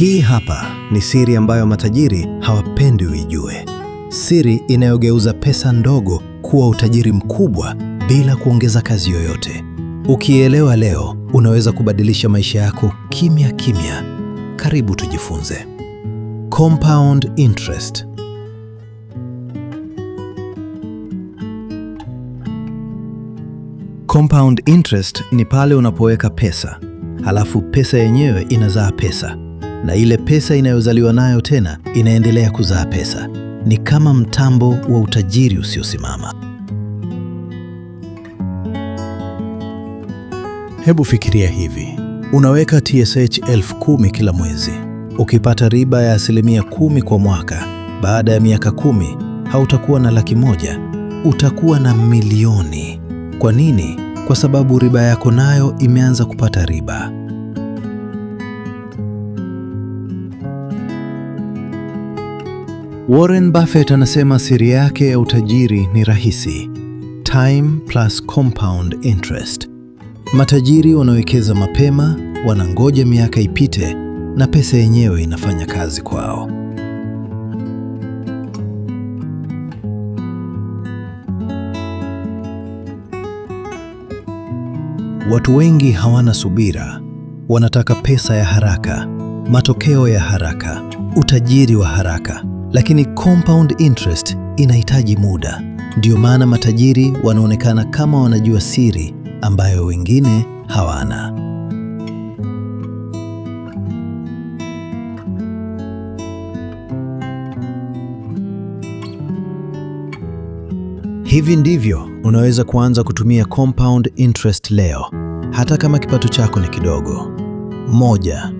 Hii hapa ni siri ambayo matajiri hawapendi uijue, siri inayogeuza pesa ndogo kuwa utajiri mkubwa bila kuongeza kazi yoyote. Ukielewa leo, unaweza kubadilisha maisha yako kimya kimya. Karibu tujifunze compound interest. Compound interest ni pale unapoweka pesa halafu pesa yenyewe inazaa pesa na ile pesa inayozaliwa nayo tena inaendelea kuzaa pesa. Ni kama mtambo wa utajiri usiosimama. Hebu fikiria hivi, unaweka TSH elfu kumi kila mwezi. Ukipata riba ya asilimia kumi kwa mwaka, baada ya miaka kumi hautakuwa na laki moja, utakuwa na milioni. Kwa nini? Kwa sababu riba yako nayo imeanza kupata riba. Warren Buffett anasema siri yake ya utajiri ni rahisi: time plus compound interest. Matajiri wanawekeza mapema, wanangoja miaka ipite na pesa yenyewe inafanya kazi kwao. Watu wengi hawana subira, wanataka pesa ya haraka, matokeo ya haraka, utajiri wa haraka lakini compound interest inahitaji muda. ndio maana matajiri wanaonekana kama wanajua siri ambayo wengine hawana. Hivi ndivyo unaweza kuanza kutumia compound interest leo, hata kama kipato chako ni kidogo. Moja,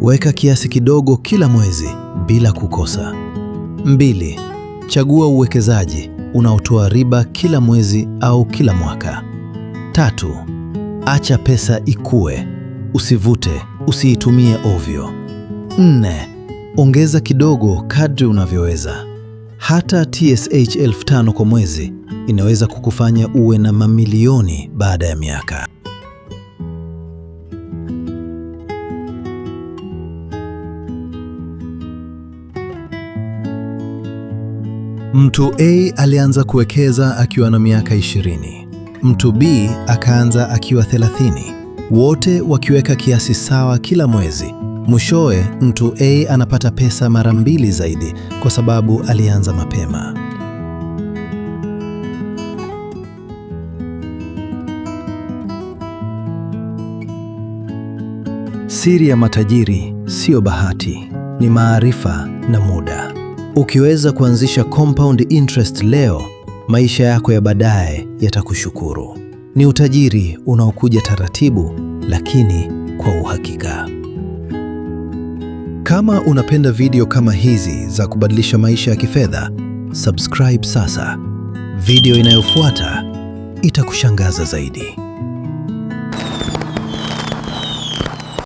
weka kiasi kidogo kila mwezi bila kukosa. 2. Chagua uwekezaji unaotoa riba kila mwezi au kila mwaka. Tatu, acha pesa ikue, usivute, usiitumie ovyo. Nne, ongeza kidogo kadri unavyoweza. Hata TSH elfu tano kwa mwezi inaweza kukufanya uwe na mamilioni baada ya miaka. Mtu A alianza kuwekeza akiwa na miaka 20. Mtu B akaanza akiwa 30, wote wakiweka kiasi sawa kila mwezi. Mwishowe, mtu A anapata pesa mara mbili zaidi kwa sababu alianza mapema. Siri ya matajiri sio bahati, ni maarifa na muda. Ukiweza kuanzisha compound interest leo, maisha yako ya baadaye yatakushukuru. Ni utajiri unaokuja taratibu, lakini kwa uhakika. Kama unapenda video kama hizi za kubadilisha maisha ya kifedha, subscribe sasa. Video inayofuata itakushangaza zaidi.